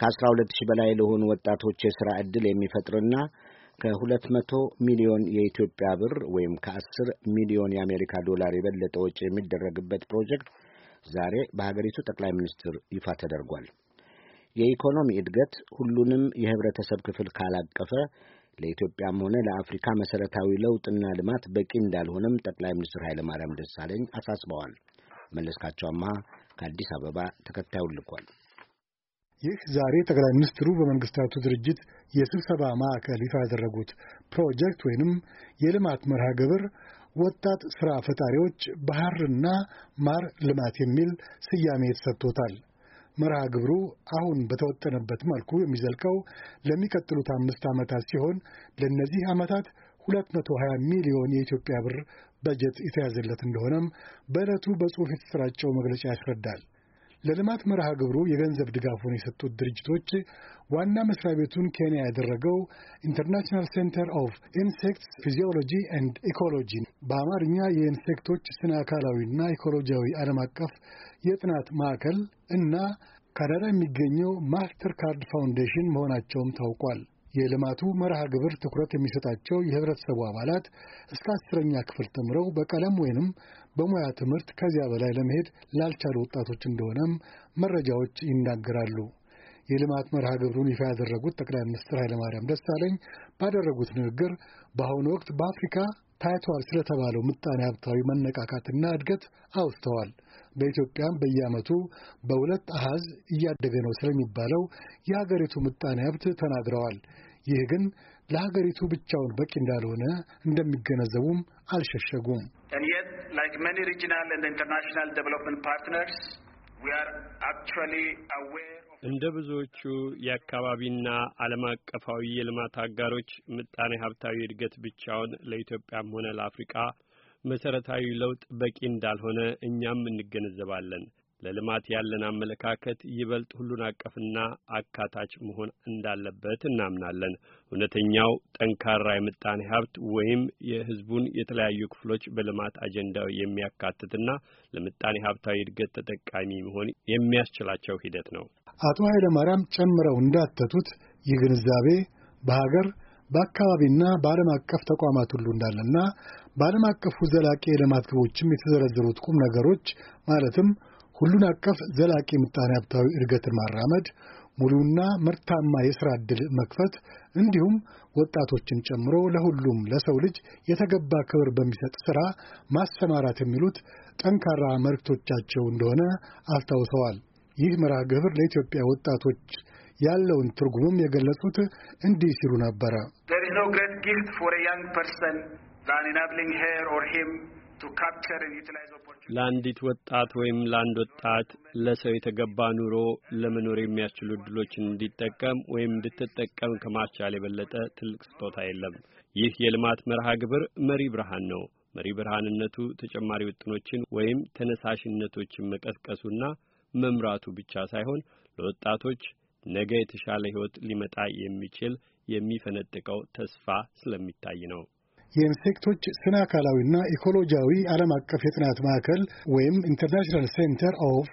ከ12 ሺህ በላይ ለሆኑ ወጣቶች የሥራ ዕድል የሚፈጥርና ከ200 ሚሊዮን የኢትዮጵያ ብር ወይም ከ10 ሚሊዮን የአሜሪካ ዶላር የበለጠ ወጪ የሚደረግበት ፕሮጀክት ዛሬ በሀገሪቱ ጠቅላይ ሚኒስትር ይፋ ተደርጓል። የኢኮኖሚ እድገት ሁሉንም የህብረተሰብ ክፍል ካላቀፈ ለኢትዮጵያም ሆነ ለአፍሪካ መሰረታዊ ለውጥና ልማት በቂ እንዳልሆነም ጠቅላይ ሚኒስትር ኃይለማርያም ደሳለኝ አሳስበዋል። መለስካቸው አማሃ ከአዲስ አበባ ተከታዩን ልኳል። ይህ ዛሬ ጠቅላይ ሚኒስትሩ በመንግስታቱ ድርጅት የስብሰባ ማዕከል ይፋ ያደረጉት ፕሮጀክት ወይንም የልማት መርሃ ግብር ወጣት ሥራ ፈጣሪዎች ባህርና ማር ልማት የሚል ስያሜ ተሰጥቶታል። መርሃ ግብሩ አሁን በተወጠነበት መልኩ የሚዘልቀው ለሚቀጥሉት አምስት ዓመታት ሲሆን ለእነዚህ ዓመታት 220 ሚሊዮን የኢትዮጵያ ብር በጀት የተያዘለት እንደሆነም በዕለቱ በጽሑፍ የተሰራጨው መግለጫ ያስረዳል። ለልማት መርሃ ግብሩ የገንዘብ ድጋፉን የሰጡት ድርጅቶች ዋና መስሪያ ቤቱን ኬንያ ያደረገው ኢንተርናሽናል ሴንተር ኦፍ ኢንሴክትስ ፊዚዮሎጂ ኤንድ ኢኮሎጂ በአማርኛ የኢንሴክቶች ስነ አካላዊና ኢኮሎጂያዊ ዓለም አቀፍ የጥናት ማዕከል እና ካናዳ የሚገኘው ማስተር ካርድ ፋውንዴሽን መሆናቸውም ታውቋል። የልማቱ መርሃ ግብር ትኩረት የሚሰጣቸው የህብረተሰቡ አባላት እስከ አስረኛ ክፍል ተምረው በቀለም ወይንም በሙያ ትምህርት ከዚያ በላይ ለመሄድ ላልቻሉ ወጣቶች እንደሆነም መረጃዎች ይናገራሉ። የልማት መርሃ ግብሩን ይፋ ያደረጉት ጠቅላይ ሚኒስትር ኃይለማርያም ደሳለኝ ባደረጉት ንግግር በአሁኑ ወቅት በአፍሪካ ታይቷል ስለተባለው ምጣኔ ሀብታዊ መነቃቃትና እድገት አውስተዋል። በኢትዮጵያም በየዓመቱ በሁለት አሃዝ እያደገ ነው ስለሚባለው የሀገሪቱ ምጣኔ ሀብት ተናግረዋል። ይህ ግን ለሀገሪቱ ብቻውን በቂ እንዳልሆነ እንደሚገነዘቡም አልሸሸጉም። like many regional and international development partners, we are actually aware እንደ ብዙዎቹ የአካባቢና ዓለም አቀፋዊ የልማት አጋሮች ምጣኔ ሀብታዊ እድገት ብቻውን ለኢትዮጵያም ሆነ ለአፍሪቃ መሰረታዊ ለውጥ በቂ እንዳልሆነ እኛም እንገነዘባለን። ለልማት ያለን አመለካከት ይበልጥ ሁሉን አቀፍና አካታች መሆን እንዳለበት እናምናለን። እውነተኛው ጠንካራ የምጣኔ ሀብት ወይም የሕዝቡን የተለያዩ ክፍሎች በልማት አጀንዳው የሚያካትትና ለምጣኔ ሀብታዊ እድገት ተጠቃሚ መሆን የሚያስችላቸው ሂደት ነው። አቶ ኃይለ ማርያም ጨምረው እንዳተቱት ይህ ግንዛቤ በሀገር በአካባቢና በዓለም አቀፍ ተቋማት ሁሉ እንዳለና በዓለም አቀፉ ዘላቂ የልማት ግቦችም የተዘረዘሩት ቁም ነገሮች ማለትም ሁሉን አቀፍ ዘላቂ ምጣኔ ሀብታዊ እድገትን ማራመድ፣ ሙሉና ምርታማ የሥራ ዕድል መክፈት እንዲሁም ወጣቶችን ጨምሮ ለሁሉም ለሰው ልጅ የተገባ ክብር በሚሰጥ ሥራ ማሰማራት የሚሉት ጠንካራ መልእክቶቻቸው እንደሆነ አስታውሰዋል። ይህ መርሃ ግብር ለኢትዮጵያ ወጣቶች ያለውን ትርጉምም የገለጹት እንዲህ ሲሉ ነበረ። ለአንዲት ወጣት ወይም ለአንድ ወጣት ለሰው የተገባ ኑሮ ለመኖር የሚያስችሉ እድሎችን እንዲጠቀም ወይም እንድትጠቀም ከማስቻል የበለጠ ትልቅ ስጦታ የለም። ይህ የልማት መርሃ ግብር መሪ ብርሃን ነው። መሪ ብርሃንነቱ ተጨማሪ ውጥኖችን ወይም ተነሳሽነቶችን መቀስቀሱና መምራቱ ብቻ ሳይሆን ለወጣቶች ነገ የተሻለ ሕይወት ሊመጣ የሚችል የሚፈነጥቀው ተስፋ ስለሚታይ ነው። የኢንሴክቶች ስነ አካላዊና ኢኮሎጂያዊ ዓለም አቀፍ የጥናት ማዕከል ወይም ኢንተርናሽናል ሴንተር ኦፍ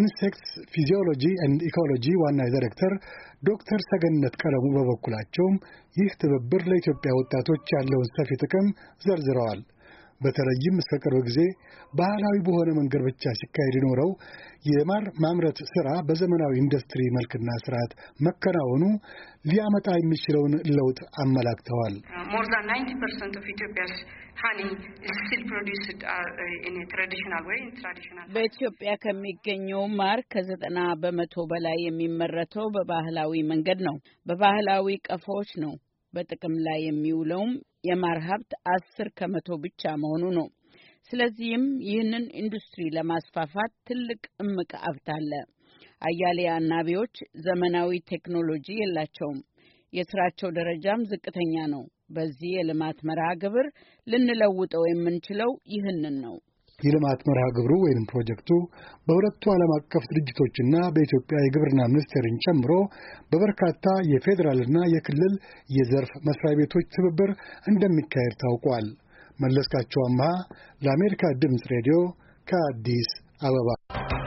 ኢንሴክትስ ፊዚዮሎጂ ኤንድ ኢኮሎጂ ዋና ዳይሬክተር ዶክተር ሰገነት ቀለሙ በበኩላቸውም ይህ ትብብር ለኢትዮጵያ ወጣቶች ያለውን ሰፊ ጥቅም ዘርዝረዋል። በተለይም እስከ ቅርብ ጊዜ ባህላዊ በሆነ መንገድ ብቻ ሲካሄድ የኖረው የማር ማምረት ስራ በዘመናዊ ኢንዱስትሪ መልክና ስርዓት መከናወኑ ሊያመጣ የሚችለውን ለውጥ አመላክተዋል። uh, በኢትዮጵያ ከሚገኘው ማር ከዘጠና በመቶ በላይ የሚመረተው በባህላዊ መንገድ ነው። በባህላዊ ቀፎዎች ነው። በጥቅም ላይ የሚውለውም የማር ሀብት አስር ከመቶ ብቻ መሆኑ ነው። ስለዚህም ይህንን ኢንዱስትሪ ለማስፋፋት ትልቅ እምቅ ሀብት አለ። አያሌ አናቢዎች ዘመናዊ ቴክኖሎጂ የላቸውም። የስራቸው ደረጃም ዝቅተኛ ነው። በዚህ የልማት መርሃ ግብር ልንለውጠው የምንችለው ይህንን ነው። የልማት መርሃ ግብሩ ወይም ፕሮጀክቱ በሁለቱ ዓለም አቀፍ ድርጅቶችና በኢትዮጵያ የግብርና ሚኒስቴርን ጨምሮ በበርካታ የፌዴራልና የክልል የዘርፍ መስሪያ ቤቶች ትብብር እንደሚካሄድ ታውቋል። መለስካቸው አምሃ ለአሜሪካ ድምፅ ሬዲዮ ከአዲስ አበባ